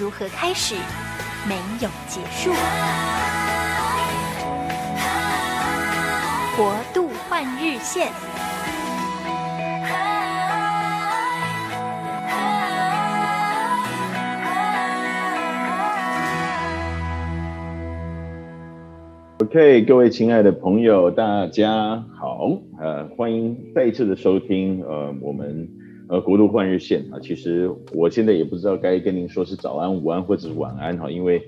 如何開始，沒有結束。國度換日線。OK，各位親愛的朋友，大家好呃，歡迎再一次的收聽呃，我們。呃，國度換日線啊，其實我現在也不知道該跟您說是早安、午安或者晚安哈，因為，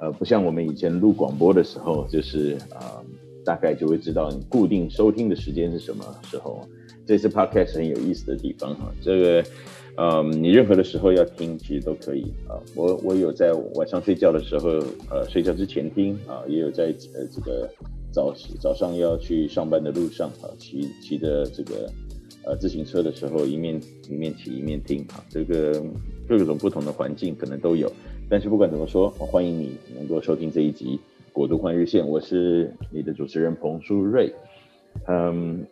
呃，不像我們以前錄廣播的時候，就是啊、呃，大概就會知道你固定收聽的時間是什麼時候。這次 podcast 很有意思的地方哈，這個，呃，你任何的時候要聽其實都可以啊。我我有在晚上睡覺的時候，呃，睡覺之前聽啊，也有在呃這個早早上要去上班的路上啊，騎騎着這個。呃，自行車的時候一面一面騎一面聽哈、啊，這個各種不同的環境可能都有，但是不管怎麼說，哦、歡迎你能夠收聽這一集《國度換日線》，我是你的主持人彭書睿。嗯，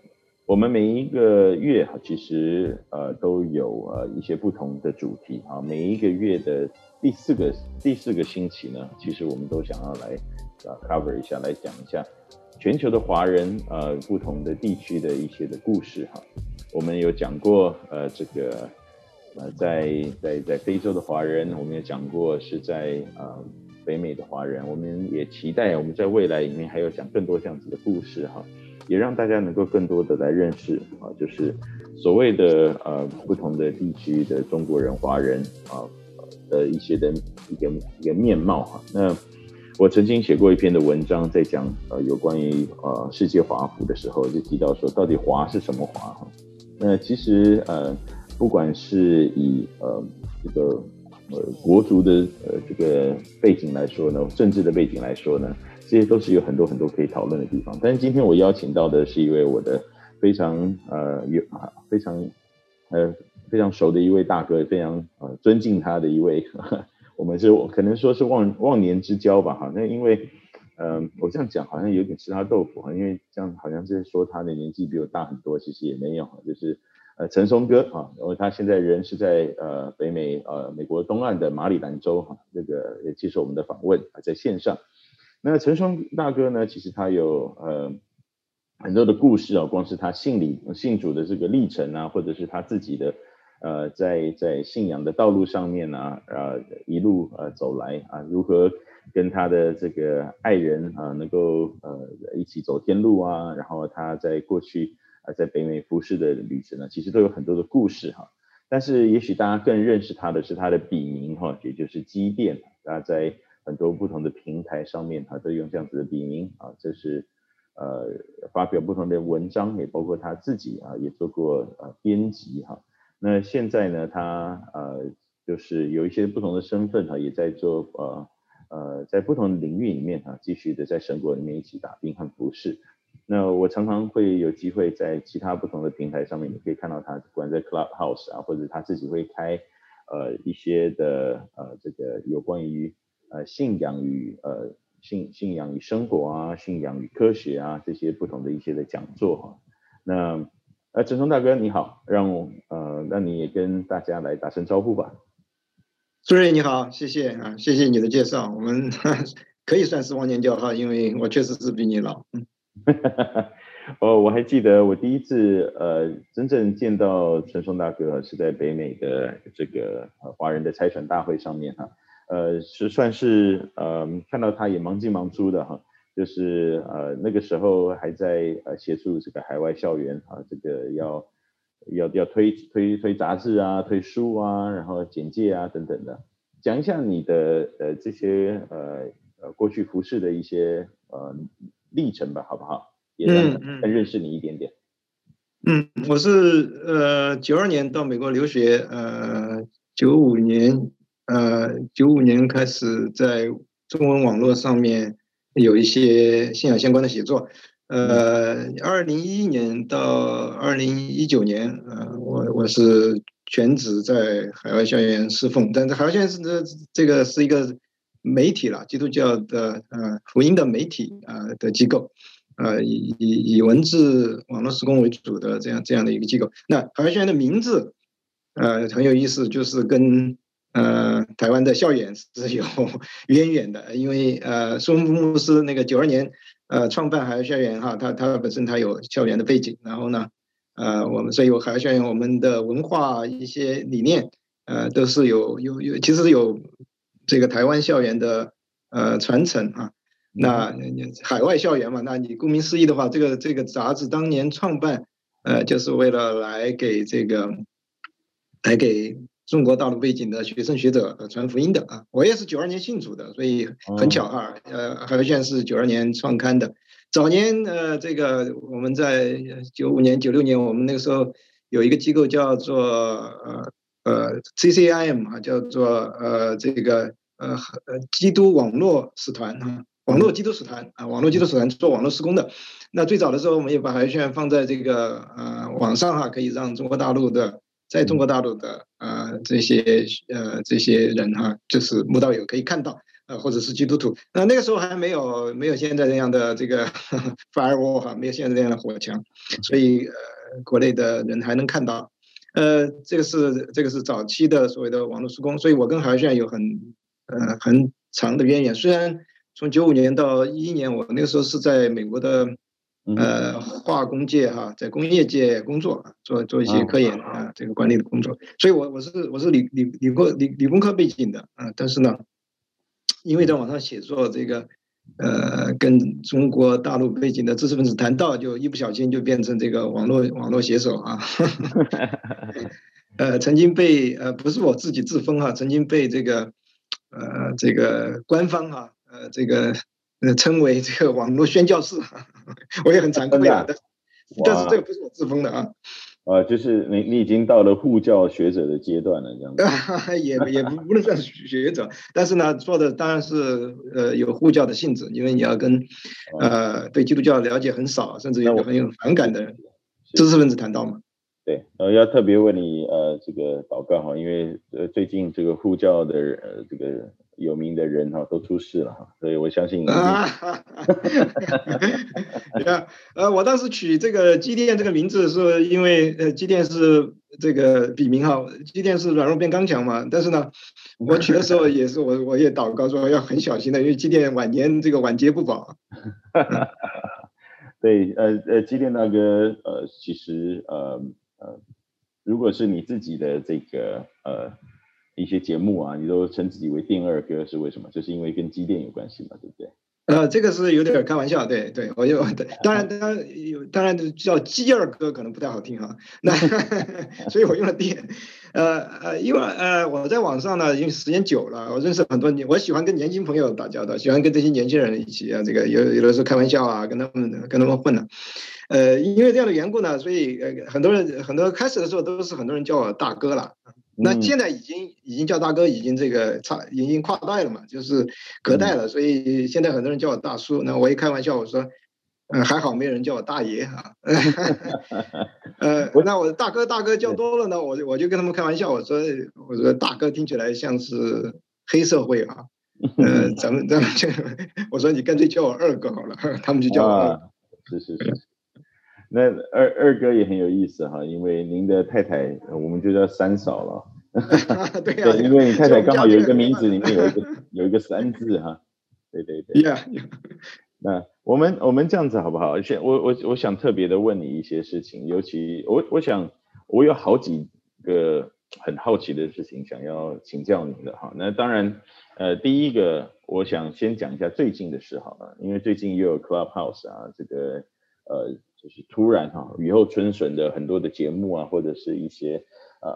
我們每一個月哈，其實呃都有呃一些不同的主題、啊、每一個月的第四個第四個星期呢，其實我們都想要來呃、啊、cover 一下，來講一下全球的華人呃不同的地區的一些的故事哈。啊我們有講過，呃，這個，呃，在在在非洲的華人，我們也講過是在呃北美的華人，我們也期待我們在未來裡面還有講更多這樣子的故事哈，也讓大家能夠更多的來認識啊，就是所謂的呃不同的地區的中國人華人啊、呃、的一些的一個一個面貌哈。那我曾經寫過一篇的文章，在講呃有關於呃世界華福的時候，就提到說，到底華是什麼華哈？那其實呃，不管是以呃這個呃國族的呃這個背景來說呢，政治的背景來說呢，這些都是有很多很多可以討論的地方。但是今天我邀請到的是一位我的非常呃有非常呃非常熟的一位大哥，非常呃尊敬他的一位，我們是可能說是忘忘年之交吧，哈。那因為。嗯，我這樣講好像有點吃他豆腐啊，因為這樣好像是說他的年紀比我大很多，其實也沒有，就是呃陳松哥啊，然後他現在人是在呃北美呃美國東岸的馬里蘭州哈、啊，這個也接受我們的訪問啊，在線上。那程松大哥呢，其實他有呃很多的故事啊，光是他信裡，信主的這個歷程啊，或者是他自己的呃在在信仰的道路上面啊，呃、啊、一路呃走來啊，如何？跟他的這個愛人啊，能夠呃一起走天路啊，然後他在過去啊，在北美服侍的旅程呢，其實都有很多的故事哈。但是也許大家更認識他的是他的筆名哈，也就是基甸。大家在很多不同的平台上面他、啊、都用這樣子的筆名啊，就是呃發表不同的文章，也包括他自己啊，也做過呃編輯哈。那現在呢，他呃就是有一些不同的身份哈、啊，也在做呃。呃，在不同的領域裡面啊，繼續的在神國裡面一起打拼和服侍。那我常常會有機會在其他不同的平台上面，你可以看到他不管在 Clubhouse 啊，或者他自己會開呃一些的呃這個有關於呃信仰與呃信信仰與生活啊，信仰與科學啊這些不同的一些的講座。那呃，程松大哥你好，讓我，呃讓你也跟大家來打聲招呼吧。朱瑞 你好，謝謝啊，謝謝你的介紹，我們可以算是忘年交哈，因為我確實是比你老。我、 哦、我還記得我第一次呃真正見到程松大哥是在北美的這個華人的差遣大會上面哈，呃是算是呃看到他也忙進忙出的哈，就是呃那個時候還在呃協助這個海外校園啊，這個要。要要推推推雜誌啊，推書啊，然後簡介啊等等的，講一下你的呃這些呃呃過去服事的一些呃歷程吧，好不好？也讓認識你一點點。嗯，嗯，我是呃九二年到美國留學，呃九五年呃九五年開始在中文網絡上面有一些信仰相關的寫作。呃，二零一一年到二零一九年，啊、呃，我我是全職在海外校園侍奉。但是海外校園是這這個是一個媒體了，基督教的呃福音的媒體啊、呃、的機構，呃以以以文字網絡事工為主的這樣這樣的一個機構。那海外校園的名字，呃很有意思，就是跟呃台灣的校園是有淵源的，因為呃蘇牧牧師那個九二年。呃，創辦海外校園哈、啊，它，它本身它有校園的背景，然後呢，呃，我們所以，有海外校園我們的文化一些理念，呃，都是有有有，其實有這個台灣校園的呃傳承啊。那海外校園嘛，那你顧名思義的話，這個這個雜誌當年創辦，呃，就是為了來給這個來給。中國大陸背景的學生學者傳福音的啊，我也是九二年信主的，所以很巧哈。呃，oh. 啊《海外校園》是九二年創刊的，早年呃，這個我們在九五年、九六年，我們那個時候有一個機構叫做呃呃 CCIM 啊，叫做呃這個呃呃基督網絡使團啊，網絡基督使團啊，網絡基督使團做網絡事工的。那最早的時候，我們也把海外校園放在這個呃網上哈，可以讓中國大陸的。在中國大陸的啊、呃、這些呃這些人哈、啊，就是慕道友可以看到，呃或者是基督徒，那、呃、那個時候還沒有沒有現在這樣的這個 firewall 哈，沒有現在這樣的火牆，所以、呃、國內的人還能看到，呃這個是這個是早期的所謂的網絡事工，所以我跟海外校園有很呃很長的淵源，雖然從九五年到一一年，我那個時候是在美國的。呃，化工界哈、啊，在工業界工作、啊，做做一些科研啊，啊這個管理的工作。所以我，我我是我是理理理工理理工科背景的啊，但是呢，因為在網上寫作，這個呃，跟中國大陸背景的知識分子談到，就一不小心就變成這個網絡網絡寫手啊。 呃，曾經被呃不是我自己自封哈、啊，曾經被這個呃這個官方啊，呃這個呃稱為這個網絡宣教士。 我也很慚愧啊，哇但是這個不是我自封的啊。啊，就是你，你已經到了護教學者的階段了，這樣子。 也也不不能算是學者， 但是呢，做的當然是呃有護教的性質，因為你要跟、啊、呃對基督教的了解很少，甚至有很有反感，感的知識分子談到嘛。啊、對，然後、呃、要特別問你呃這個禱告哈，因為呃最近這個護教的呃這個。有名的人哈都出事了哈，所以我相信你、啊。看，呃，我當時取這個基甸這個名字，是因為呃，基甸是這個筆名哈，基甸是軟弱變剛強嘛。但是呢，我取的時候也是我我也禱告說要很小心的，因為基甸晚年這個晚節不保。 對，呃呃，基甸大哥，呃，其實呃呃，如果是你自己的這個呃。一些節目啊，你都稱自己為電二哥，是為什麼？就是因為跟機電有關係嘛，對不對？呃，這個是有點開玩笑，對對，我有，當然當然有，當然，當然叫雞二哥可能不太好聽啊，那 所以我用了電，呃呃，因為呃，呃我在網上呢，因為時間久了，我認識很多年，我喜歡跟年輕朋友打交道，喜歡跟這些年輕人一起啊，這個有有的時候開玩笑啊，跟他們跟他們混了、啊。呃，因為這樣的緣故呢，所以呃很多人很多開始的時候都是很多人叫我大哥了。那現在已經已經叫大哥，已經這個差，已經跨代了嘛，就是隔代了，嗯、所以現在很多人叫我大叔。那我一開玩笑，我說，嗯，還好沒人叫我大爺哈、啊。 呃，那我大哥大哥叫多了呢，我就我就跟他們開玩笑，我說我說大哥聽起來像是黑社會啊，嗯、呃，咱們咱們這，我說你乾脆叫我二哥好了，他們就叫我二。啊，是是是，是。那二二哥也很有意思哈，因為您的太太我們就叫三嫂了， 對，因為你太太剛好有一個名字裡面有一個 有一個三字哈，對對對，Yeah，那我們我們這樣子好不好？而且我我我想特別的問你一些事情，尤其我我想我有好幾個很好奇的事情想要請教你的哈。那當然呃，第一個我想先講一下最近的事好了，因為最近又有 Clubhouse 啊，這個呃。就是突然哈、啊，雨後春筍的很多的節目啊，或者是一些呃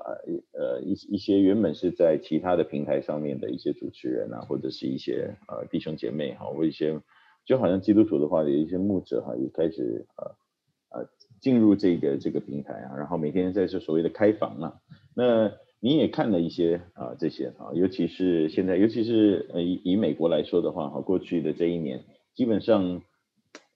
呃一一些原本是在其他的平台上面的一些主持人啊，或者是一些呃弟兄姐妹哈、啊，或一些就好像基督徒的話，有一些牧者哈、啊，也開始呃呃進入這個這個平台啊，然後每天在這所謂的開房啊，那你也看了一些啊、呃、這些啊，尤其是現在，尤其是呃以以美國來說的話哈，過去的這一年基本上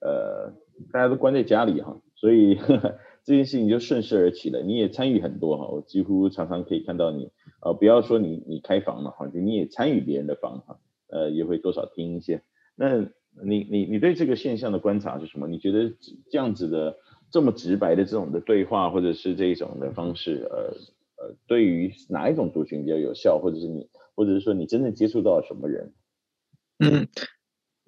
呃。大家都關在家裡哈，所以呵呵這件事情就順勢而起了。你也參與很多哈，我幾乎常常可以看到你，啊、呃，不要說你你開房了哈，就你也參與別人的房哈、啊，呃，也會多少聽一些。那你你你對這個現象的觀察是什麼？你覺得這樣子的這麼直白的這種的對話，或者是這種的方式，呃呃，對於哪一種族群比較有效，或者是你，或者是說你真正接觸到什麼人？嗯。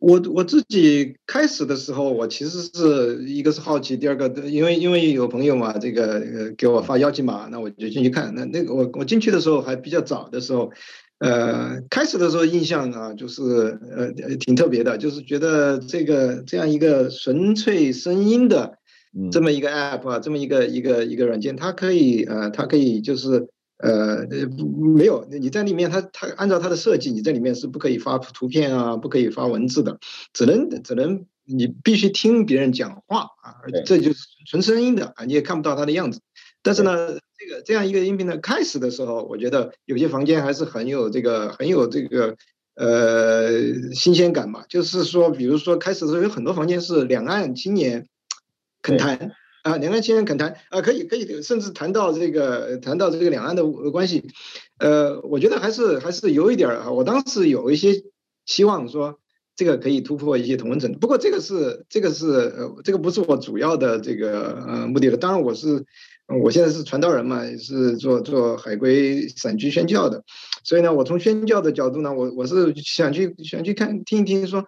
我我自己開始的時候，我其實是一個是好奇，第二個因為因為有朋友嘛，這個，呃，給我發邀請碼，那我就進去看。那那個我我進去的時候還比較早的時候，呃，開始的時候印象啊，就是呃挺特別的，就是覺得這個這樣一個純粹聲音的這麼一個 app 啊，嗯，這麼一個一個一個軟件，它可以呃它可以就是。呃，沒有，你在裡面它，他他按照他的設計，你在裡面是不可以發圖片啊，不可以發文字的，只能只能你必須聽別人講話啊，而且這就是純聲音的啊，對你也看不到他的樣子。但是呢，對這個這樣一個音頻的開始的時候，我覺得有些房間還是很有這個很有這個呃新鮮感嘛，就是說，比如說開始的時候有很多房間是兩岸青年，懇談。啊，兩岸青年肯談啊，可以，可以，甚至談到這個，談到這個兩岸的關係，呃，我覺得還是還是有一點兒啊。我當時有一些期望，說這個可以突破一些同溫層，不過這個是這個是、呃、這個不是我主要的這個呃目的了。當然我是我現在是傳道人嘛，是做做海歸散居宣教的，所以呢，我從宣教的角度呢，我我是想去想去看聽一聽說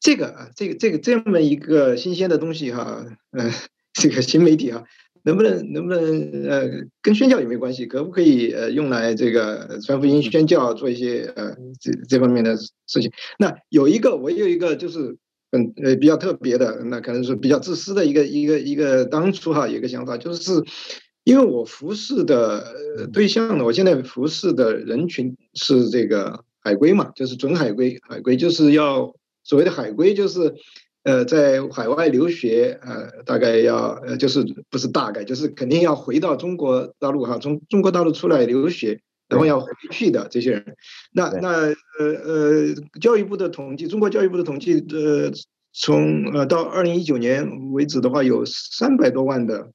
這個啊，這個這個、這個、這麼一個新鮮的東西哈、啊，嗯、呃。這個新媒體啊，能不能能不能呃，跟宣教也沒關係？可不可以呃，用來這個傳福音、宣教、啊、做一些呃這這方面的事情？那有一個，我有一個就是嗯呃比較特別的，那可能是比較自私的一個一個一個當初哈有一個想法，就是因為我服侍的對象呢，我現在服侍的人群是這個海歸嘛，就是準海歸，海歸就是要所謂的海歸就是。呃，在海外留學，呃，大概要呃，就是不是大概，就是肯定要回到中國大陸哈，從中國大陸出來留學，然後要回去的這些人，那那呃呃，教育部的統計，中國教育部的統計，呃，從呃到二零一九年為止的話，有三百多萬的，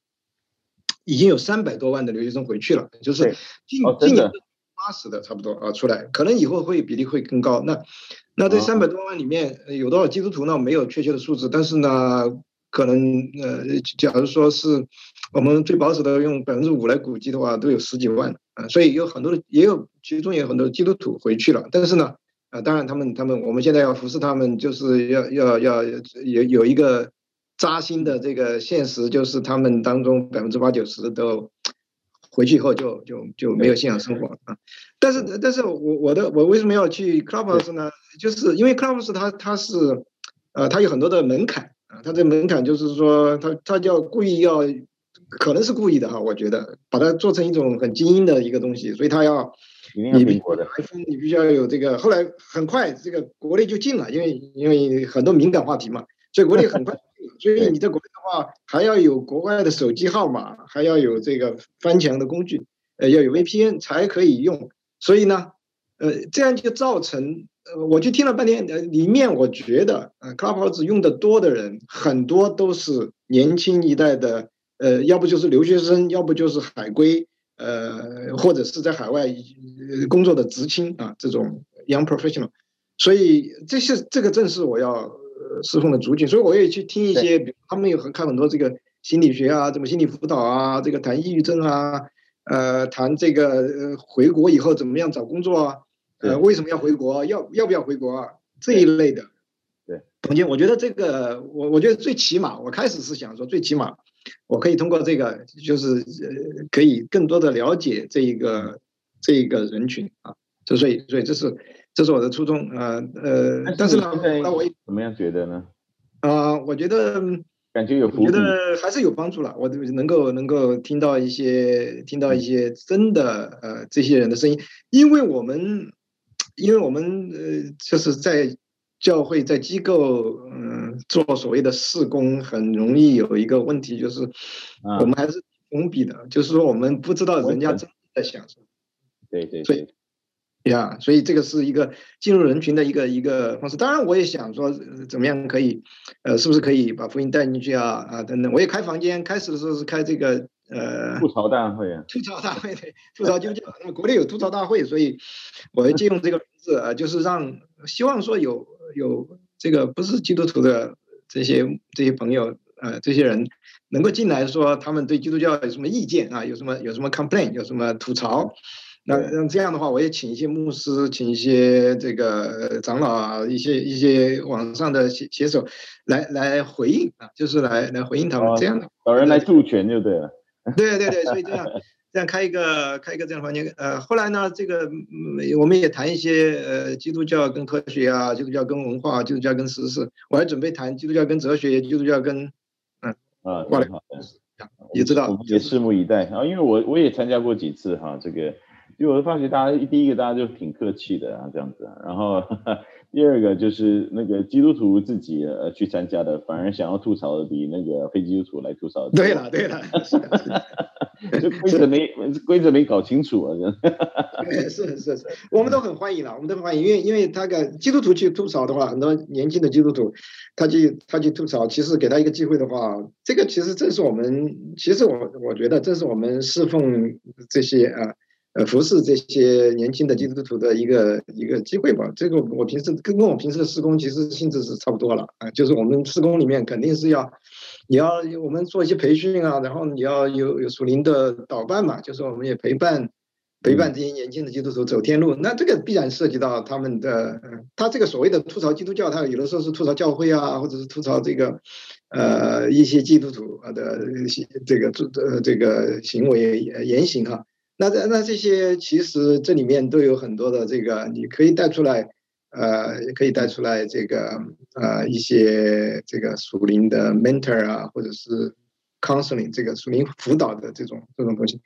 已經有三百多萬的留學生回去了，就是近近八十的差不多啊，出來可能以後會比例會更高。那那這三百多萬裡面有多少基督徒呢？沒有確切的數字，但是呢，可能呃，假如說是我們最保守的用百分之五來估計的話，都有十幾萬啊、呃。所以有很多也有其中也有很多基督徒回去了，但是呢，啊、呃，當然他們他們我們現在要服侍他們，就是要要要有有一個扎心的這個現實，就是他們當中百分之八九十都。回去以後就就就沒有信仰生活了啊，但是但是我我的我為什麼要去 Clubhouse 呢？就是因為 Clubhouse 它它是呃它有很多的門檻啊，它這門檻就是說它它叫故意要，可能是故意的哈，我覺得把它做成一種很精英的一個東西，所以它要你必須要有這個，後來很快這個國內就禁了，因為因為很多敏感話題嘛，所以國內很快。 所以你在國內的話，還要有國外的手機號碼，還要有這個翻牆的工具，呃，要有 VPN 才可以用。所以呢，呃，這樣就造成，呃，我就聽了半天，呃，裡面我覺得，呃，Clubhouse 用得多的人，很多都是年輕一代的，呃，要不就是留學生，要不就是海歸，呃，或者是在海外工作的職青啊，這種 Young Professional。所以這些，這個正是我要。釋放的途徑，所以我也去聽一些，比如他們有看很多這個心理學啊，怎麼心理輔導啊，這個談抑鬱症啊，呃，談這個回國以後怎麼樣找工作啊，呃，為什麼要回國，要要不要回國啊，這一類的。對，彭靜，我覺得這個，我我覺得最起碼，我開始是想說，最起碼我可以通過這個，就是呃，可以更多的了解這一個這一個人群啊，就所以所以這是。這是我的初衷啊，呃，但是呢，那我也怎麼樣覺得呢？啊、呃，我覺得感覺有我覺得還是有幫助了。我就能夠能夠聽到一些聽到一些真的呃這些人的聲音，因為我們因為我們呃就是在教會在機構嗯、呃、做所謂的事工，很容易有一個問題就是我們還是封閉的，啊、就是說我們不知道人家真的在想什麼。對對對。呀，yeah, 所以這個是一個進入人群的一個一個方式。當然，我也想說怎麼樣可以，呃，是不是可以把福音帶進去啊啊等等。我也開房間，開始的時候是開這個呃吐槽大會啊，吐槽大會，吐槽基督教。那 國內有吐槽大會，所以我就借用這個名字啊，就是讓希望說有有這個不是基督徒的這些這些朋友啊、呃，這些人能夠進來說他們對基督教有什麼意見啊，有什麼有什麼 complain，有什麼吐槽。那那這樣的話，我也請一些牧師，請一些這個長老啊，一些一些網上的寫寫手來來回應啊，就是來來回應他們，這樣的、啊，找人來助拳就對了。對對對，所以這樣這樣開一個開一個這樣的房間。呃，後來呢，這個我們也談一些呃基督教跟科學啊，基督教跟文化，基督教跟時事。我還準備談基督教跟哲學，基督教跟嗯啊，掛了，也知道，也拭目以待、就是、啊，因為我我也參加過幾次哈，這個。因為我就發覺，大家第一個大家就挺客氣的啊，這樣子。然後第二個就是那個基督徒自己呃去參加的，反而想要吐槽的比那個非基督徒來吐槽。對了，對了，是的、啊，規則 沒規則、啊、沒搞清楚啊，是是是， 是是，我們都很歡迎了，我們都很歡迎，因為因為他個基督徒去吐槽的話，很多年輕的基督徒，他去他去吐槽，其實給他一個機會的話，這個其實正是我們，其實我我覺得這是我們侍奉這些啊。呃，服侍這些年輕的基督徒的一個一個機會吧。這個我平時跟跟我平時的事工其實性質是差不多了啊，就是我們事工裡面肯定是要你要我們做一些培訓啊，然後你要有有屬靈的導辦嘛，就是我們也陪伴陪伴這些年輕的基督徒走天路。那這個必然涉及到他們的，他這個所謂的吐槽基督教，他有的時候是吐槽教會啊，或者是吐槽這個呃一些基督徒的一些這個個、呃、這個行為言行哈、啊。那這那這些其實這裡面都有很多的這個，你可以帶出來，呃，也可以帶出來這個，呃，一些這個屬靈的 mentor 啊，或者是 counseling 這個屬靈輔導的這種這種東西。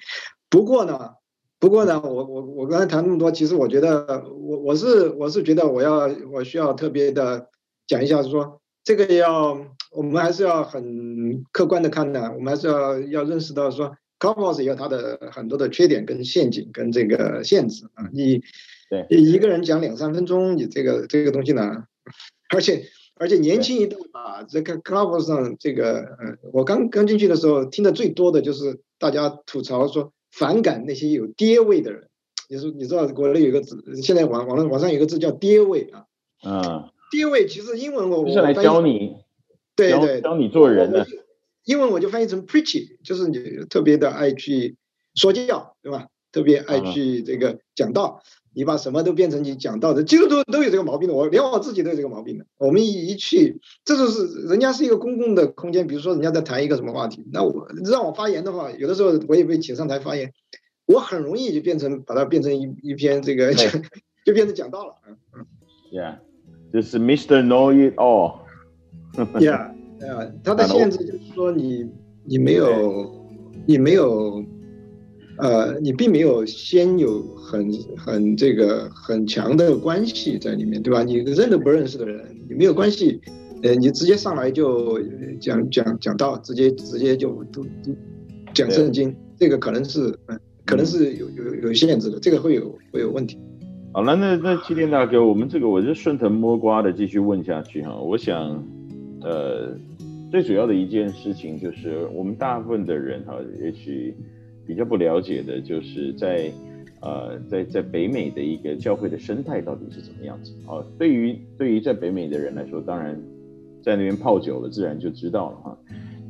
不過呢，不過呢，我我我剛才談那麼多，其實我覺得我我是我是覺得我要我需要特別的講一下，是說這個要我們還是要很客觀的看待，我們還是要要認識到說，Clubhouse 也有它的很多的缺點跟陷阱跟這個限制啊，你對一個人講兩三分鐘，你這個這個東西呢，而且而且年輕一代、啊、對這個 Clubhouse 上這個，我剛剛進去的時候，聽的最多的就是大家吐槽說反感那些有爹味的人，你說你知道國內有一個字，現在網網絡網上有一個字叫爹味啊，爹味、嗯、其實英文我就是來教你，對、嗯、對，教你做人的英文我就翻譯成 preachy，就是你特別的愛去說教，對吧？特別愛去這個講道，你把什麼都變成你講道的。幾乎都都有這個毛病的，我連我自己都有這個毛病的。我們一一去，這就是人家是一個公共的空間，比如說人家在談一個什麼話題，那我讓我發言的話，有的時候我也被請上台發言，我很容易就變成把它變成一一篇這個，Hey. 就變成講道了。嗯嗯，Yeah，This is Mister Know It All。Yeah. 啊，它的限制就是說你，你你沒有，對你沒有，呃，你並沒有先有很很這個很強的關係在裡面，對吧？你認都不認識的人，你沒有關係，呃，你直接上來就講講講道，直接直接就都都講聖經，對這個可能是，可能是有有、嗯、有限制的，這個會有會有問題。好了，那那基甸大哥，我們這個我就順藤摸瓜的繼續問下去哈，我想。呃，最主要的一件事情就是，我們大部分的人哈、啊，也許比較不了解的，就是在呃，在在北美的一個教會的生態到底是怎麼樣子啊？對於對於在北美的人來說，當然在那邊泡久了，自然就知道了哈、啊。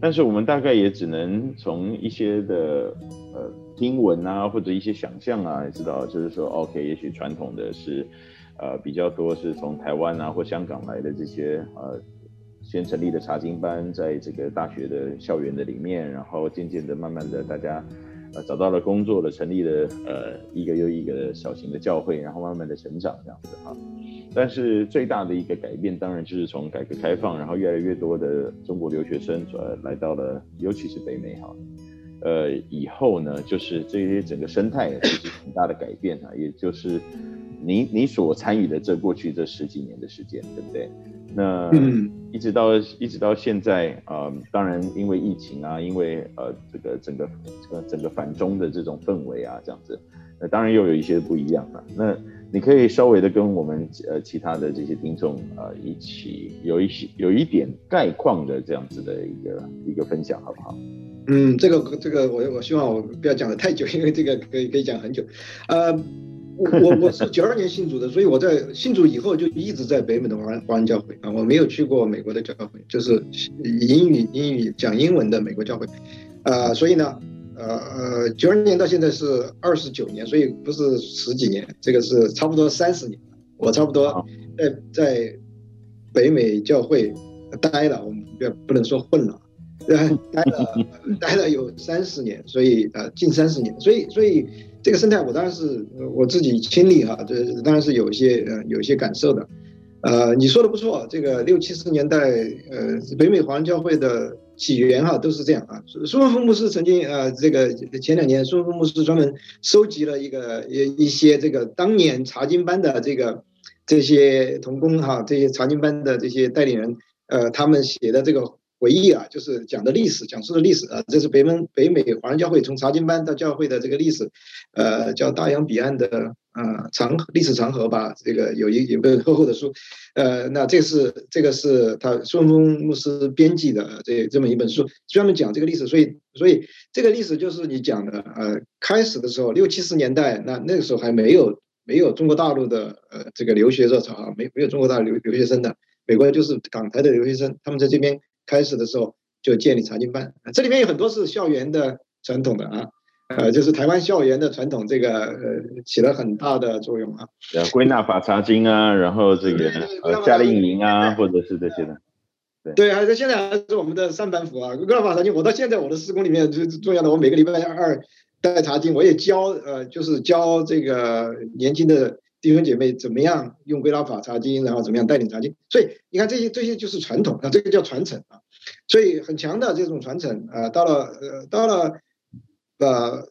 但是我們大概也只能從一些的呃聽聞啊，或者一些想象啊，也知道就是說，OK，也許傳統的是呃比較多是從台灣啊或香港來的這些呃。先成立的查經班，在這個大學的校園的裡面，然後漸漸的、慢慢的，大家呃找到了工作了，成立了呃一個又一個的小型的教會，然後慢慢的成長這樣子哈、啊。但是最大的一個改變，當然就是從改革開放，然後越來越多的中國留學生主要來到了，尤其是北美哈、啊，呃以後呢，就是這些整個生態也是很大的改變啊，也就是你你所參與的這過去這十幾年的時間，對不對？那、嗯一直到一直到現在呃，當然因為疫情啊，因為呃這個整個這個整個反中的這種氛圍啊，這樣子，那、呃、當然又有一些不一樣啊，那你可以稍微的跟我們呃其他的這些聽眾呃，一起有一些有一點概況的這樣子的一個一個分享，好不好？嗯，這個這個我我希望我不要講的太久，因為這個可以可以講很久，呃、uh。 我我是九二年信主的，所以我在信主以後就一直在北美的華人華人教會啊，我沒有去過美國的教會，就是英語英語講英文的美國教會，啊、呃，所以呢，呃呃，九二年到現在是二十九年，所以不是十幾年，這個是差不多三十年，我差不多在在北美教會待了，我們也不能說混了，呃、待了待了有三十年，所以呃近三十年，所以所以。這個生態，我當然是我自己親歷哈、啊，這當然是有一些呃，有一些感受的，呃，你說的不錯，這個六七十年代呃，北美華人教會的起源哈、啊，都是這樣啊。蘇文峰牧師曾經呃這個前兩年，蘇文峰牧師專門收集了一個一一些這個當年查經班的這個這些同工哈、啊，這些查經班的這些帶領人，呃，他們寫的這個。回憶啊，就是講的歷史，講述的歷史啊，這是北美北美華人教會從查經班到教會的這個歷史，呃，叫大洋彼岸的呃長歷史長河吧。這個有一有本厚厚的書，呃，那這是這個是他蘇文峰牧師編輯的這這麼一本書，專門講這個歷史。所以所以這個歷史就是你講的呃，開始的時候六七十年代，那那個時候還沒有沒有中國大陸的呃這個留學熱潮啊，沒沒有中國大陸留留學生的，美國就是港台的留學生，他們在這邊。開始的時候就建立查經班，這裡面有很多是校園的傳統的啊，呃，就是台灣校園的傳統，這個、呃、起了很大的作用啊。呃、啊，歸納法查經啊，然後這個、嗯、夏令營啊，嗯、或者是這些的，對、嗯、對，對，還是現在還是我們的三板斧啊，歸納法查經，我到現在我的事工裡面最重要的，我每個禮拜二帶查經，我也教呃，就是教這個年輕的。弟兄姐妹怎麼樣用歸納法查經，然後怎麼樣帶領查經，所以你看這些這些就是傳統，那這個叫傳承啊，所以很強的這種傳承啊、呃。到了呃到了呃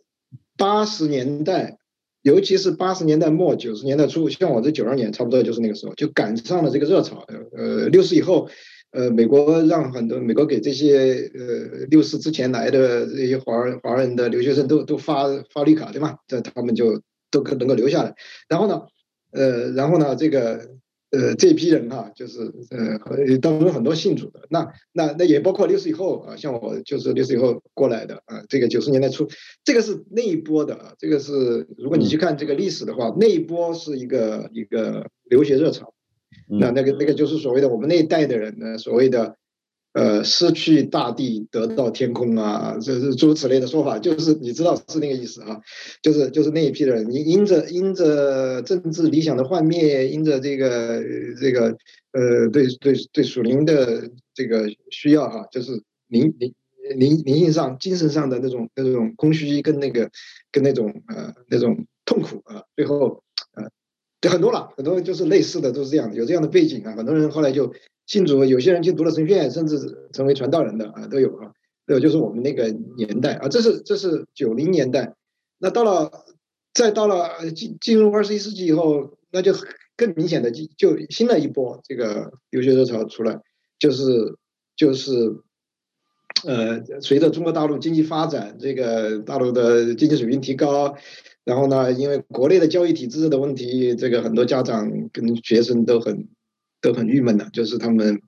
八十年代，尤其是八十年代末九十年代初，像我這九二年差不多就是那個時候，就趕上了這個熱潮。呃，六四以後，呃，美國讓很多美國給這些呃六四之前來的這些華人華人的留學生都都發發綠卡對吧？這他們就都可能夠留下來，然後呢？呃，然後呢，這個呃，這批人哈、啊，就是呃，當中很多信主的，那那那也包括六四以後啊，像我就是六四以後過來的啊，這個九十年代初，這個是那一波的啊，這個是如果你去看這個歷史的話，那一波是一個一個留學熱潮，那那個那個就是所謂的我們那一代的人呢，所謂的。呃，失去大地，得到天空啊，這是諸如此類的說法，就是你知道是那個意思啊，就是就是那一批的人，你因着因着政治理想的幻滅，因着這個這個呃，對對對，對屬靈的這個需要哈啊，就是靈靈靈靈性上、精神上的那種那種空虛跟那個跟那種呃那種痛苦啊，最後呃，就很多了很多就是類似的，都是這樣的，有這樣的背景啊，很多人後來就。信主，有些人去讀了神學院，甚至成為傳道人的啊，都有啊，都有。就是我們那個年代啊，這是這是九零年代，那到了再到了進進入二十一世紀以後，那就更明顯的就就新的一波這個留學熱潮出來，就是就是，呃，隨着中國大陸經濟發展，這個大陸的經濟水平提高，然後呢，因為國內的教育體制的問題，這個很多家長跟學生都很。都很鬱悶的，就是他們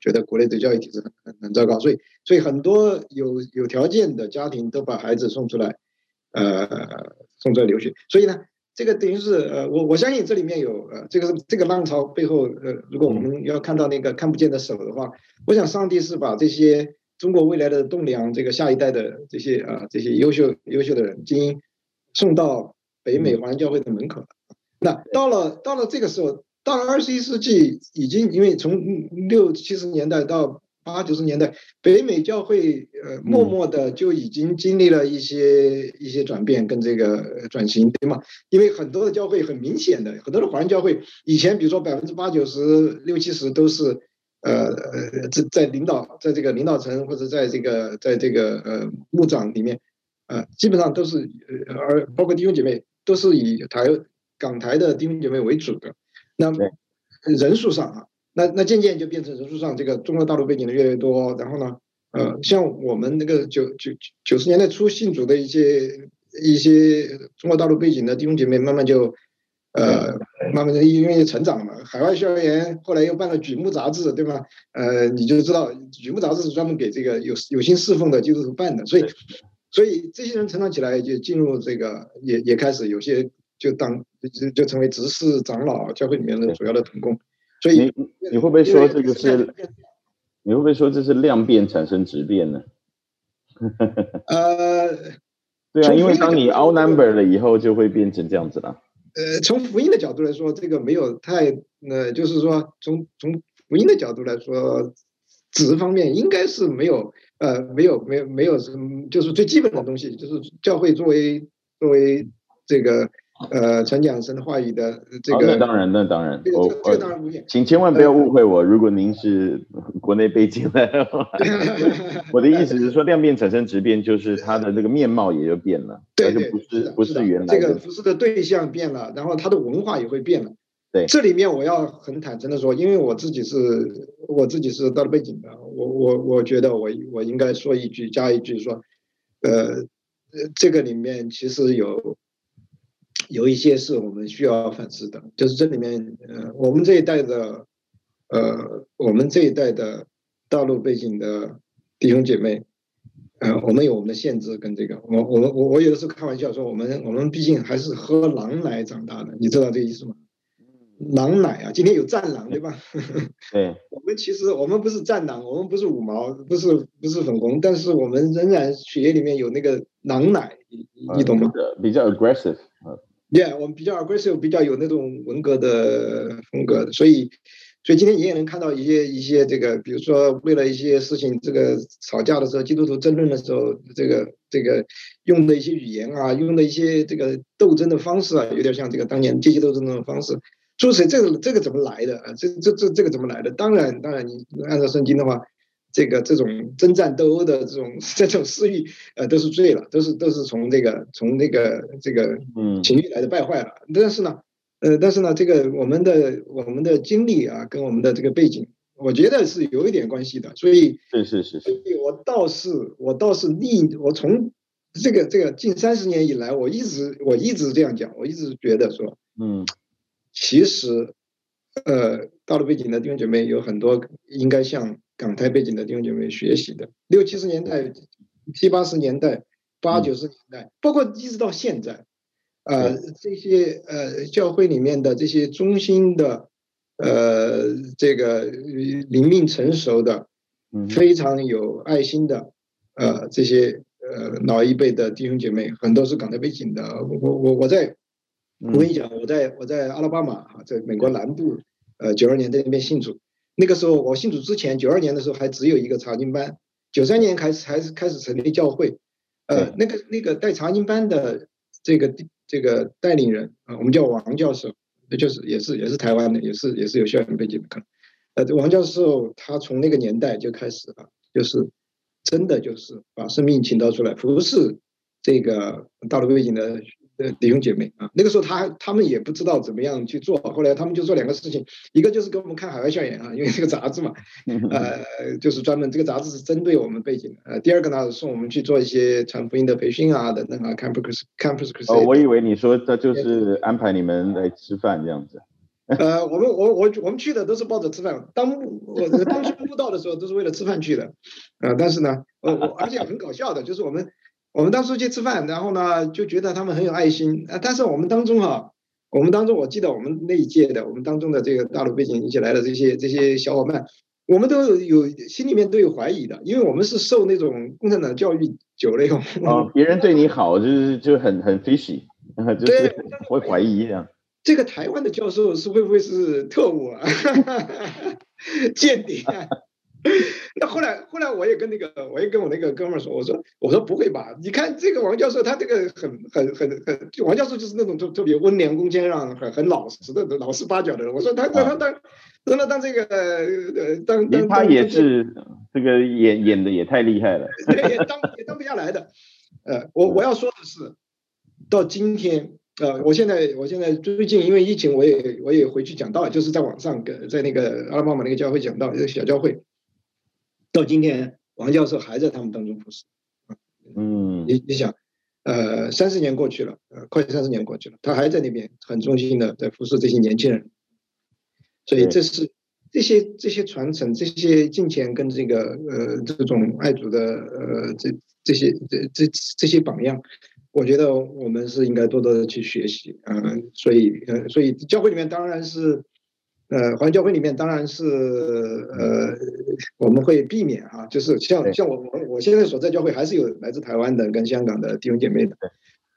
覺得國內的教育體制很很很糟糕，所以所以很多有有條件的家庭都把孩子送出來，呃，送出來留學。所以呢，這個等於是呃，我我相信這裡面有呃，這個這個浪潮背後呃，如果我們要看到那個看不見的手的話，我想上帝是把這些中國未來的棟樑，這個下一代的這些啊、呃、這些優秀優秀的人精英送到北美華人教會的門口。那到了到了這個時候。到了二十一世紀，已經因為從六七十年代到八九十年代，北美教會呃默默的就已經經歷了一些一些轉變跟這個轉型，對嗎？因為很多的教會很明顯的，很多的華人教會以前，比如說百分之八九十六七十都是呃在領導在這個領導層或者在這個在這個呃牧長裡面，呃，基本上都是呃包括弟兄姐妹都是以台港台的弟兄姐妹為主的。那人數上啊，那那漸漸就變成人數上，這個中國大陸背景的越來越多。然後呢，呃，像我們那個九九九十年代初信主的一些一些中國大陸背景的弟兄姐妹慢慢、呃，慢慢就呃，慢慢因為成長嘛，海外校園後來又辦了《舉目》雜誌，對嗎？呃，你就知道《舉目》雜誌是專門給這個有有心侍奉的基督徒辦的，所以所以這些人成長起來，就進入這個也也開始有些。就當就就成為執事長老，教會裡面的主要的同工，對 所以你，你會不會說這個是？你會不會說這是量變產生質變呢？呃， 對啊，因為當你 outnumber 了以後，就會變成這樣子了。呃，從福音的角度來說，這個沒有太呃，就是說從從福音的角度來說，質方面應該是沒有呃，沒有沒沒有，沒有什麼，就是最基本的東西，就是教會作為作為這個。呃，傳講神的話語的這個、哦，那當然，那當然，我這當然不請千萬不要誤會我。呃、如果您是國內背景的、的話， 我的意思是說，量變產生質變，就是它的那個面貌也就變了，對，不是，是的不是原來的是的是的這個服事的對象變了，然後它的文化也會變了。對，這裡面我要很坦誠的說，因為我自己是我自己是到了背景的，我我我覺得我我應該說一句加一句說，呃，這個裡面其實有。有一些是我們需要反思的，就是這裡面，呃，我們這一代的，呃，我們這一代的大陸背景的弟兄姐妹，呃，我們有我們的限制跟這個，我，我我，我有的時候開玩笑說，我們，我們畢竟還是喝狼奶長大的，你知道這個意思嗎？狼奶啊，今天有戰狼、 嗯嗯、對吧？ 嗯、 我們其實我們不是戰狼，我們不是五毛，不是不是粉紅，但是我們仍然血液裡面有那個狼奶，uh, 你懂嗎？比較 aggressive。對，yeah, 我們比較 aggressive，比較有那種文革的風格的，所以，所以今天你也能看到一些一些這個，比如說為了一些事情，這個吵架的時候，基督徒爭論的時候，這個這個用的一些語言啊，用的一些這個鬥爭的方式啊，有點像這個當年階級鬥爭那種方式。諸神這個、這個怎麼來的啊？這這這這個怎麼來的？當然，當然，你按照聖經的話。這個這種征戰鬥毆的這種這種私欲，呃，都是罪了，都是都是從這個從那個這個嗯情慾來的敗壞了。嗯、但是呢，呃，但是呢，這個我們的我們的經歷啊，跟我們的這個背景，我覺得是有一點關係的。所以是是是,是所以我倒是我倒是逆，我從這個這個近三十年以來，我一直我一直這樣講，我一直覺得說，嗯，其實呃，道路背景的弟兄姐妹有很多應該像。港台背景的弟兄姐妹學習的六七十年代、七八十年代、八九十年代，嗯、包括一直到現在，嗯、呃，這些呃教會裡面的這些中心的，呃，這個靈命成熟的、嗯、非常有愛心的，呃，這些呃老一輩的弟兄姐妹，很多是港台背景的。我我我在，我跟你講，我在我在阿拉巴馬在美國南部，呃，九二年在那邊信主。那個時候我信主之前，九二年的時候還只有一個查經班，九三年開始還是開始成立教會，呃，那個那個帶查經班的這個這個帶領人啊，呃，我們叫王教授，也就是也是也是台灣的，也是也是有校園背景的。呃，王教授他從那個年代就開始了，就是真的就是把生命傾倒出來，不是這個大陸背景的。呃，弟兄姐妹啊，那個時候他他們也不知道怎麼樣去做，後來他們就做兩個事情，一個就是給我們看海外校園啊，因為這個雜誌嘛，呃，就是專門這個雜誌是針對我們背景的呃，第二個呢，送我們去做一些傳福音的培訓啊等等啊。那個、Campus Campus Crusade。哦，我以為你說的就是安排你們來吃飯這樣子。嗯、呃，我們我我我們去的都是抱着吃飯，當我當去佈道的時候都是為了吃飯去的。啊、呃，但是呢，呃我而且很搞笑的就是我們。我們當初去吃飯，然後呢，就覺得他們很有愛心。啊，但是我們當中哈、啊，我們當中，我記得我們那一屆的，我們當中的這個大陸背景一起來的這些這些小夥伴，我們都有心裡面都有懷疑的，因為我們是受那種共產黨教育久了以後，哦，別人對你好 就是就很很 fishy< 對>， 就是會懷疑一、啊、樣。這個台灣的教授是會不會是特務啊？ 間諜、啊？ 那 後來，後來我也跟那個，我也跟我那個哥們兒說，我說，我說不會吧？你看這個王教授，他這個很很很很，王教授就是那種特特別溫良恭儉讓，很很老實的，老實巴交的人。我說他他他，當當、啊、當這個當當當，當他也是這個，這個演演的也太厲害了， 也當也當不下來的。呃，我我要說的是，到今天，呃，我現在我現在最近因為疫情，我也我也回去講道，就是在網上跟在那個阿拉巴馬那個教會講道，一個小教會。到今天，王教授還在他們當中服侍，嗯，你你想，呃，三十年過去了，呃，快三十年過去了，他還在那邊很忠心的在服侍這些年輕人，所以這是這些這些傳承，這些敬虔跟這個呃這種愛主的呃這這些這這這些榜樣，我覺得我們是應該多多的去學習啊，呃，所以呃所以教會裡面當然是。呃，華人教會裡面當然是呃，我們會避免哈、啊，就是像像我我我現在所在教會還是有來自台灣的跟香港的弟兄姐妹的，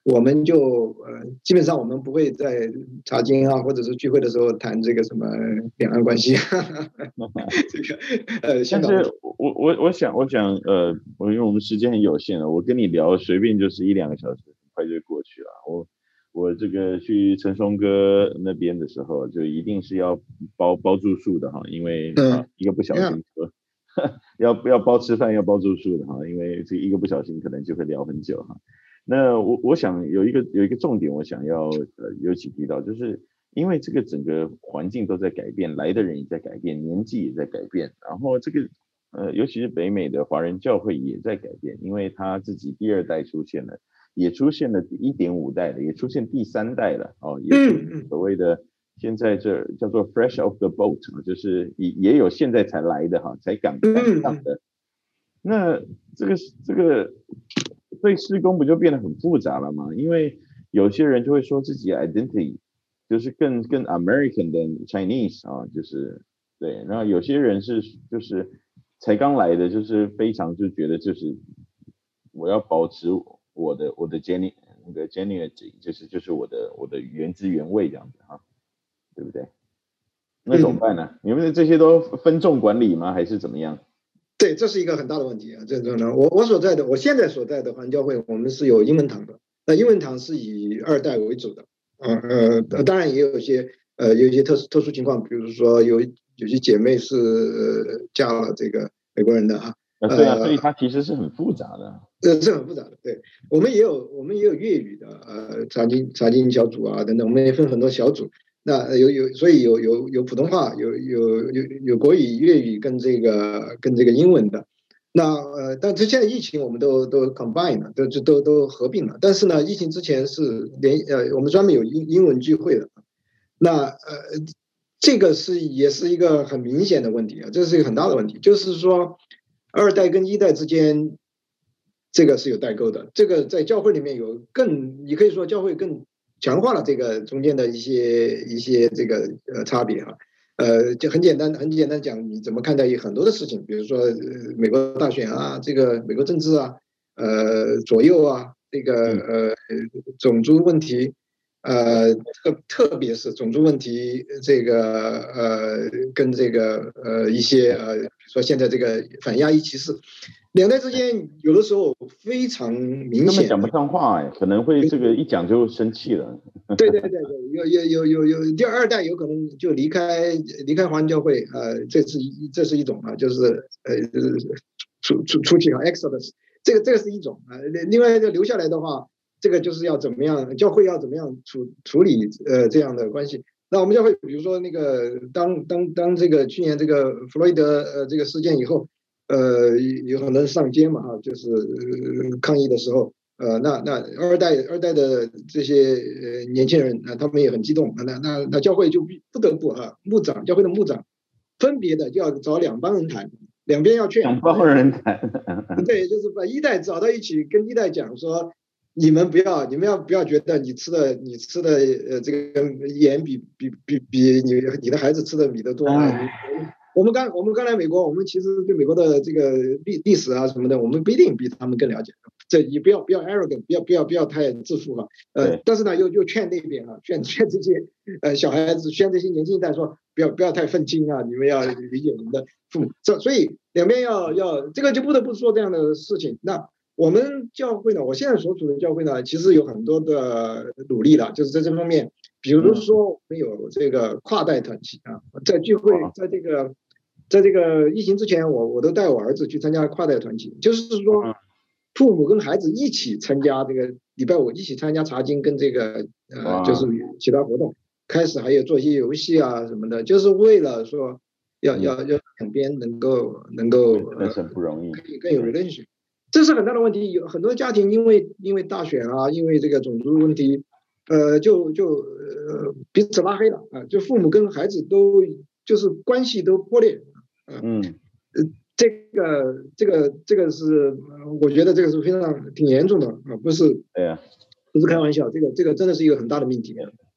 我們就呃基本上我們不會在查經啊或者是聚會的時候談這個什麼兩岸關係、啊哈哈。這個呃，香港，但是我我我想我想呃，我因為我們時間很有限了，我跟你聊隨便就是一兩個小時，很快就過去了，我。我這個去程松哥那邊的時候，就一定是要包包住宿的哈，因為、啊、一個不小心，嗯嗯、 要要包吃飯要包住宿的哈，因為這個一個不小心可能就會聊很久哈。那我我想有一個有一個重點，我想要呃尤其提到，就是因為這個整個環境都在改變，來的人也在改變，年紀也在改變，然後這個呃尤其是北美的華人教會也在改變，因為他自己第二代出現了。也出現了一點五代的，也出現第三代了哦，也是所謂的現在這叫做 fresh off the boat，啊，就是也也有現在才來的哈，啊，才剛上的。那這個這個對事工不就變得很複雜了嗎？因為有些人就會說自己 identity 就是更更 American than Chinese 啊，就是對。然後有些人是就是才剛來的，就是非常就覺得就是我要保持。我的我的 Jenny 那個 Jenny 啊，就是就是我的我的原汁原味，這樣子哈、啊，對不對？那怎麼辦呢？對你們這些都分眾管理嗎？還是怎麼樣？對，這是一個很大的問題啊！這個呢，我我所在的我現在所在的環球教會，我們是有英文堂的，那英文堂是以二代為主的，嗯、呃、嗯、呃，當然也有些呃有一些特殊特殊情況，比如說有有些姐妹是嫁了這個美國人的啊。啊對啊，所以它其實是很複雜的，呃，是很複雜的。對我們也有，我們也有粵語的呃，查經查經小組啊等等，我們也分很多小組。那有有，所以有有有普通話，有有有有國語、粵語跟這個跟這個英文的。那呃，但這現在疫情，我們都都 combine 了，都就都都合併了。但是呢，疫情之前是連呃，我們專門有英英文聚會的。那呃，這個是也是一個很明顯的問題啊，這是一個很大的問題，就是說。二代跟一代之間，這個是有代溝的。這個在教會裡面有更，你可以說教會更強化了這個中間的一些一些這個呃差別哈啊。呃，就很簡單，很簡單講，你怎麼看待有很多的事情，比如說美國大選啊，這個美國政治啊，呃，左右啊，這個呃種族問題。呃，特特別是種族問題，這個呃，跟這個呃一些呃，說現在這個反亞裔歧視，兩代之間有的時候非常明顯，根本講不上話，欸，可能會這個一講就生氣了。對、嗯、對對對，有有有有有第二代有可能就離開離開華人教會呃，這是一這是一種啊，就是呃出出出去啊，exodus 這個這個是一種啊，另外就留下來的話。這個就是要怎麼樣，教會要怎麼樣處處理呃這樣的關係。那我們教會比如說那個當當當這個去年這個弗洛伊德呃這個事件以後，呃有很多人上街嘛啊，就是、呃、抗議的時候，呃那那二代二代的這些呃年輕人啊、呃、他們也很激動啊，那那那教會就不得不哈、啊、牧長教會的牧長分別的就要找兩幫人談，兩邊要去兩幫人談， 對，就是把一代找到一起跟一代講說。你們不要，你們要不要覺得你吃的，你吃的呃這個鹽比比比比你你的孩子吃的米都多啊？我們剛我們剛來美國，我們其實對美國的這個歷歷史啊什麼的，我們不一定比他們更了解。這你不要不要 arrogant，不要不要不要，不要太自負哈。呃，對 但是呢，又又勸那邊啊，勸勸這些呃小孩子，勸這些年輕人說，不要不要太憤青啊，你們要理解你們的父母。這所以兩邊要要這個就不得不說這樣的事情。那。 我們教會呢，我現在所處的教會呢，其實有很多的努力的，就是在這方面，比如說我們有這個跨代團契啊，在聚會，在這個，在這個疫情之前我，我我都帶我兒子去參加跨代團契，就是說父母跟孩子一起參加這個禮拜五一起參加查經跟這個呃就是其他活動，開始還有做些遊戲啊什麼的，就是為了說要要要兩邊能夠能夠，呃，生不容易，可以更有 relation。這是很大的問題，有很多家庭因為因為大選啊，因為這個種族問題，呃，就就、呃、彼此拉黑了啊、呃，就父母跟孩子都就是關係都破裂，呃、嗯、呃、這個，這個這個這個是，我覺得這個是非常挺嚴重的啊、呃，不是，哎呀，不是開玩笑，這個這個真的是一個很大的命題，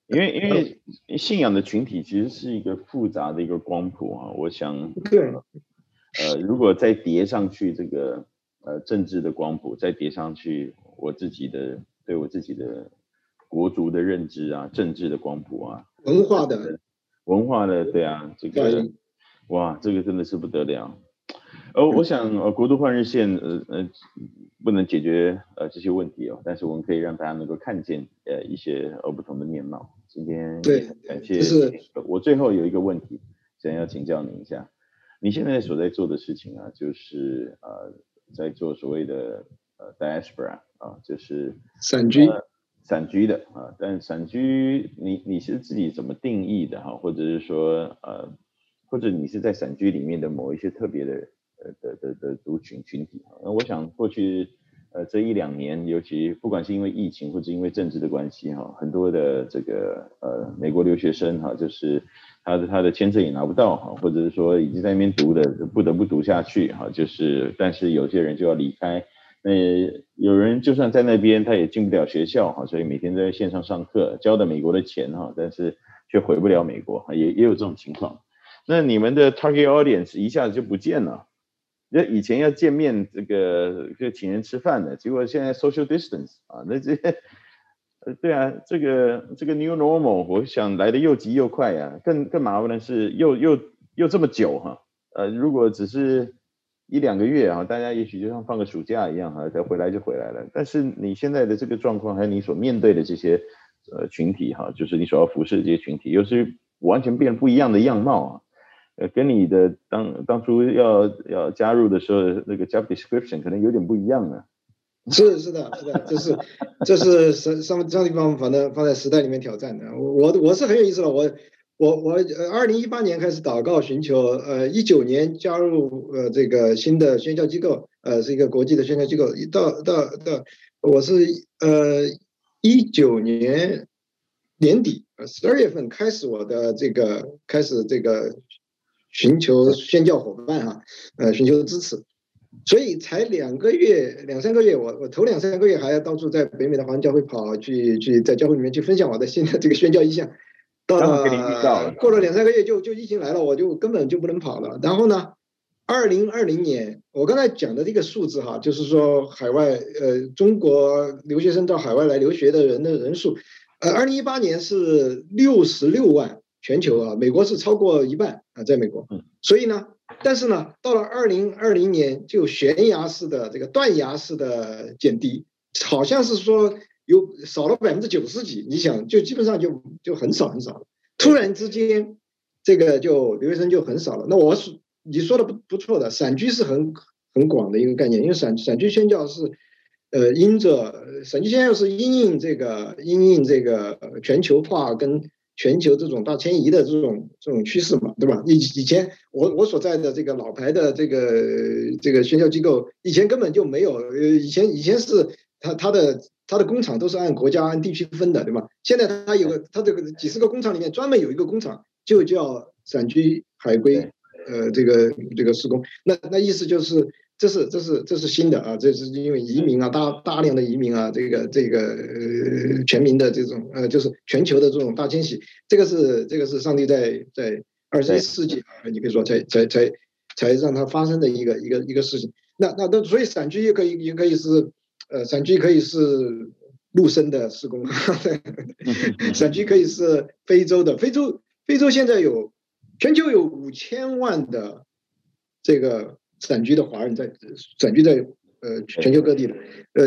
因為因為信仰的群體其實是一個複雜的一個光譜啊，我想，對、啊，呃，如果再疊上去這個。呃，政治的光譜再疊上去，我自己的對我自己的國族的認知啊，政治的光譜啊，文化的，文化的，對啊，這個，對哇，這個真的是不得了。哦，我想呃，國族換日線呃呃，不能解決呃這些問題哦，但是我們可以讓大家能夠看見呃一些而不同的面貌。今天對，感謝。就是。我最後有一個問題想要請教您一下，你現在所在做的事情啊，就是呃。在做所謂的呃 Diaspora 啊，就是散居、呃、散居的啊，但散居你你是自己怎麼定義的哈、啊？或者是說呃、啊，或者你是在散居裡面的某一些特別的呃的的的族群群體那、啊呃、我想過去。呃，這一兩年，尤其不管是因為疫情或者是因為政治的關係哈，很多的這個呃美國留學生哈，就是他的他的簽證也拿不到哈，或者是說已經在那邊讀的不得不讀下去哈，就是但是有些人就要離開，那有人就算在那邊他也進不了學校哈，所以每天在線上上課，交的美國的錢哈，但是卻回不了美國，也也有這種情況。那你們的 target audience 一下子就不見了。以前要見面，這個就請人吃飯的結果，現在 social distance 啊，那這，對啊，這個這個 new normal 我想來得又急又快啊，更更麻煩的是又又又這麼久哈、啊，呃，如果只是一兩個月啊，大家也許就像放個暑假一樣哈、啊，再回來就回來了。但是你現在的這個狀況，還有你所面對的這些呃群體哈、啊，就是你所要服侍的這些群體，又是完全變不一樣的樣貌啊。呃，跟你的當當初要要加入的時候那個 job description 可能有點不一樣啊。是是的，是的，這是 這是時上上地方，反正放在時代裡面挑戰的。我我我是很有意思了，我我我二零一八年開始禱告尋求，呃，一九年加入呃這個新的宣教機構，呃是一個國際的宣教機構。一到到到，我是呃一九年年底呃十二月份開始我的這個開始這個。尋求宣教夥伴哈，呃，尋求支持，所以才兩個月兩三個月，我我頭兩三個月還要到處在北美的華人教會跑去，去去在教會裡面去分享我的新的這個宣教意向。到了過了兩三個月就就疫情來了，我就根本就不能跑了。然後呢，二零二零年我剛才講的這個數字哈，就是說海外呃中國留學生到海外來留學的人的人數，呃，二零一八年是六十六萬。全球啊，美國是超過一半啊，在美國，所以呢，但是呢，到了二零二零年就懸崖式的這個斷崖式的減低，好像是說有少了百分之九十幾，你想就基本上就就很少很少了。突然之間，這個就留學生就很少了。那我，你說的不不錯的，散居是很很廣的一個概念，因為散散居宣教是，呃，因着散居宣教是因應這個因應這個全球化跟。全球這種大遷移的這種這種趨勢嘛，對吧？以以前我我所在的這個老牌的這個這個宣教機構，以前根本就沒有，呃，以前以前是他他的他的工場都是按國家按地區分的，對吧？現在他有個他這個幾十個工場裡面，專門有一個工場就叫散居海歸，對呃，這個這個事工，那那意思就是，這是這是這是新的啊！這是因為移民啊，大大量的移民啊，這個這個、呃、全民的這種呃，就是全球的這種大遷徙，這個是這個是上帝在在二十一世紀啊，你可以說才才才才讓它發生的一個一個一個事情。那那都所以散居也可以也可以是呃，散居可以是陸生的事工，哈哈。散居可以是非洲的非洲非洲現在有全球有五千萬的這個。散居的華人在散居在呃全球各地的，呃，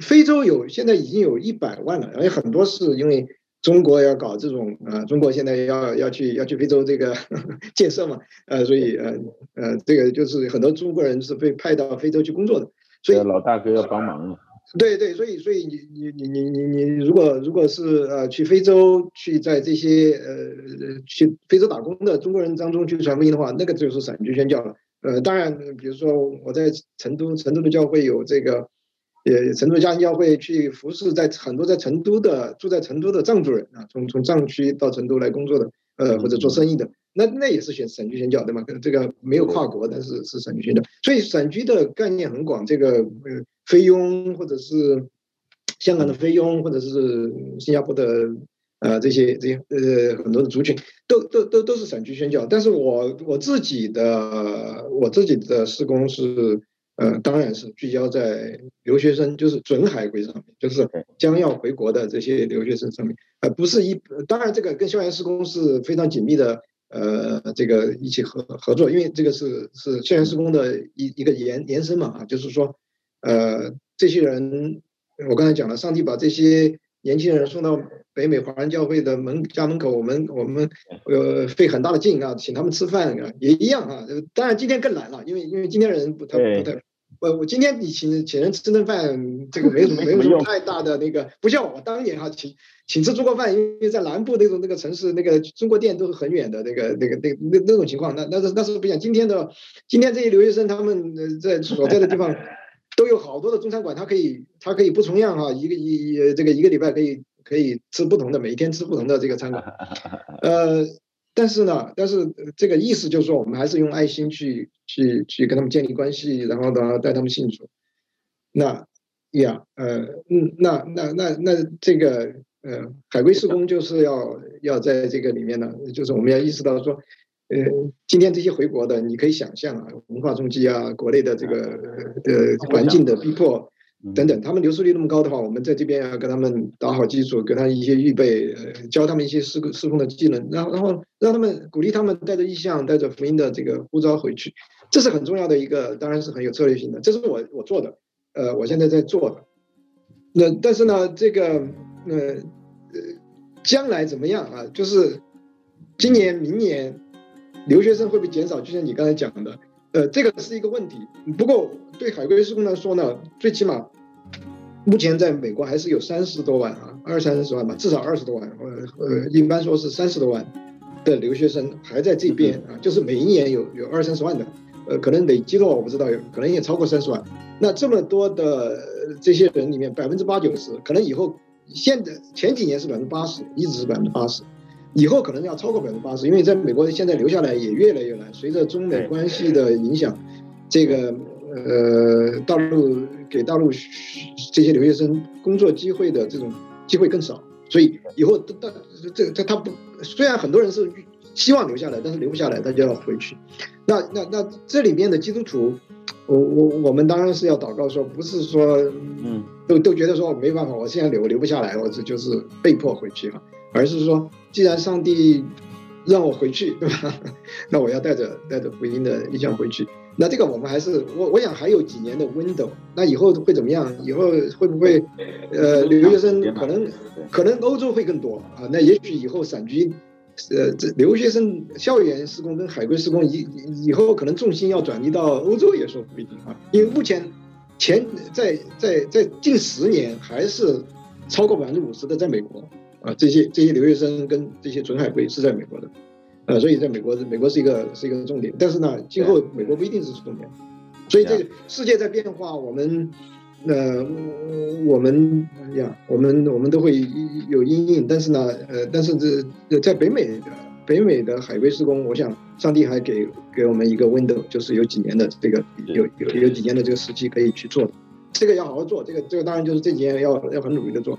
非洲有現在已經有一百萬了，而且很多是因為中國要搞這種啊、呃，中國現在要要去要去非洲這個呵呵建設嘛，呃，所以呃呃，這個就是很多中國人是被派到非洲去工作的，所以老大哥要幫忙嘛，對對，所以所以你你你你你你如果如果是呃去非洲去在這些呃去非洲打工的中國人當中去傳福音的話，那個就是散居宣教了。呃，當然，比如說我在成都，成都的教會有這個，呃，成都家信教會去服侍在很多在成都的住在成都的藏族人啊，從從藏區到成都來工作的，呃，或者做生意的，那那也是散居宣教的，對嗎？這個沒有跨國，但是是散居宣教的，所以散居的概念很廣，這個呃，菲傭或者是香港的菲傭或者是新加坡的。呃，這些這些呃，很多的族群都都都都是散居宣教，但是我我自己的我自己的事工是呃，當然是聚焦在留學生，就是準海歸上面，就是將要回國的這些留學生上面，而、呃、不是一當然這個跟校園事工是非常緊密的，呃，這個一起合合作，因為這個是是校園事工的一一個延延伸嘛啊，就是說呃，這些人我剛才講了，上帝把這些年輕人送到。北美華人教會的門家門口，我們我們呃費很大的勁啊，請他們吃飯啊，也一樣啊。當然今天更難了，因為因為今天人不太不太。我我今天你請請人吃頓飯，這個沒什麼用沒有什麼太大的那個不，不像我當年哈、啊、請請吃中國飯，因為在南部的那種那個城市，那個中國店都是很遠的那個那個那那那種情況。那那是那是不像今天的，今天這些留學生他們在所在的地方都有好多的中餐館，他可以他可以不重樣啊，一個一這個一個禮拜可以。可以吃不同的，每一天吃不同的這個餐館，呃，但是呢，但是這個意思就是說，我們還是用愛心去去去跟他們建立關係，然後呢帶他們幸福。那呀，呃，嗯、那那那那這個呃，海歸事工就是要要在這個裡面呢，就是我們要意識到說，呃，今天這些回國的，你可以想象啊，文化衝擊啊，國內的這個呃環境的逼迫。等等，他們流失率那麼高的話，我們在這邊要給他們打好基礎給他們一些預備、呃，教他們一些施工施工的技能，然後然後讓他們鼓勵他們帶着意向、帶着福音的這個護照回去，這是很重要的一個，當然是很有策略性的。這是我我做的，呃，我現在在做的。那但是呢，這個，呃呃，將來怎麼樣啊？就是今年、明年，留學生會不會減少？就像你剛才講的。呃，這個是一個問題。不過對海歸事工來說呢，最起碼目前在美國還是有三十多萬啊，二三十萬吧，至少二十多萬。呃呃，一般說是三十多萬的留學生還在這邊啊，就是每一年有有二三十萬的，呃，可能累計的話我不知道有，可能也超過三十萬。那這麼多的這些人裡面，百分之八九十，可能以後現在前幾年是百分之八十，一直是百分之八十，以後可能要超過百分之八十，因為在美國現在留下來也越來越難。隨着中美關係的影響，這個呃，大陸給大陸這些留學生工作機會的這種機會更少，所以以後大這這他不，雖然很多人是希望留下來，但是留不下來，他就要回去。那那那這裡面的基督徒，我我我們當然是要禱告說，不是說嗯，都都覺得說，哦，沒辦法，我現在留我留不下來，我這就是被迫回去哈，而是說。既然上帝讓我回去，對吧？那我要帶着帶着福音的意向回去。那這個我們還是我我想還有幾年的 window 那以後會怎麼樣？以後會不會呃留學生可能可能歐洲會更多啊？那也許以後散居呃這留學生校園事工跟海歸事工以以後可能重心要轉移到歐洲也說不一定啊。因為目前前在在在，在近十年還是超過百分之五十的在美國。啊，這些這些留學生跟這些準海歸是在美國的，啊、嗯呃，所以在美國，美國是一個是一個重點。但是呢，今後美國不一定是重點，嗯、所以這個世界在變化，我們，呃，我們呀，我們我們都會有陰影。但是呢，呃，但是這在北美的北美的海歸事工，我想上帝還給給我們一個 window，就是有幾年的這個有有有幾年的這個時期可以去做的，這個要好好做。這個這個當然就是這幾年要要很努力的做。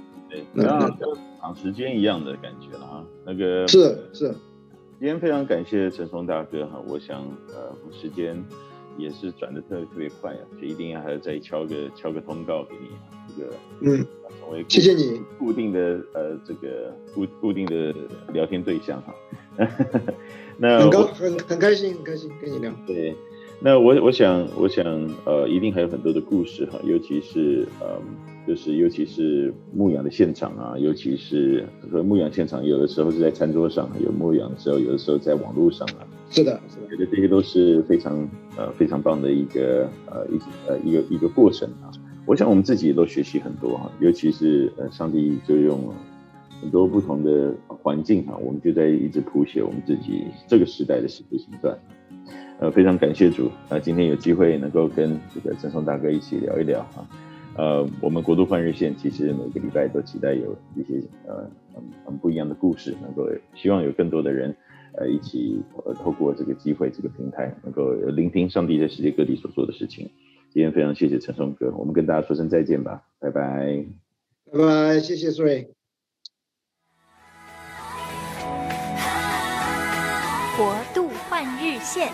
對啊。時間一樣的感覺了、啊、那個是是、呃，今天非常感謝程松大哥哈，我想呃，時間也是轉得特別特別快啊，就一定要還要再敲個敲個通告給你、啊，這個嗯，成為謝謝你固定的呃這個固固定的聊天對象哈、啊， 那我很高很很開心很開心跟你聊，對，那我我想我想呃，一定還有很多的故事哈、啊，尤其是嗯。呃就是，尤其是牧養的現場啊，尤其是和牧養現場，有的時候是在餐桌上，有牧養的時候，有的時候在網絡上啊，是的，我覺得這些都是非常呃非常棒的一個呃一呃一個一個過程啊。我想我們自己也都學習很多哈、啊，尤其是呃上帝就用很多不同的環境啊，我們就在一直譜寫我們自己這個時代的十字形狀。呃，非常感謝主啊、呃，今天有機會能夠跟這個程松大哥一起聊一聊啊。呃，我們國度換日線其實每個禮拜都期待有一些呃很很、嗯嗯、不一樣的故事，能夠希望有更多的人，呃，一起呃透過這個機會這個平台能夠聆聽上帝在世界各地所做的事情。今天非常謝謝程松哥，我們跟大家說聲再見吧，拜拜，拜拜，謝謝蘇瑞，國度換日線。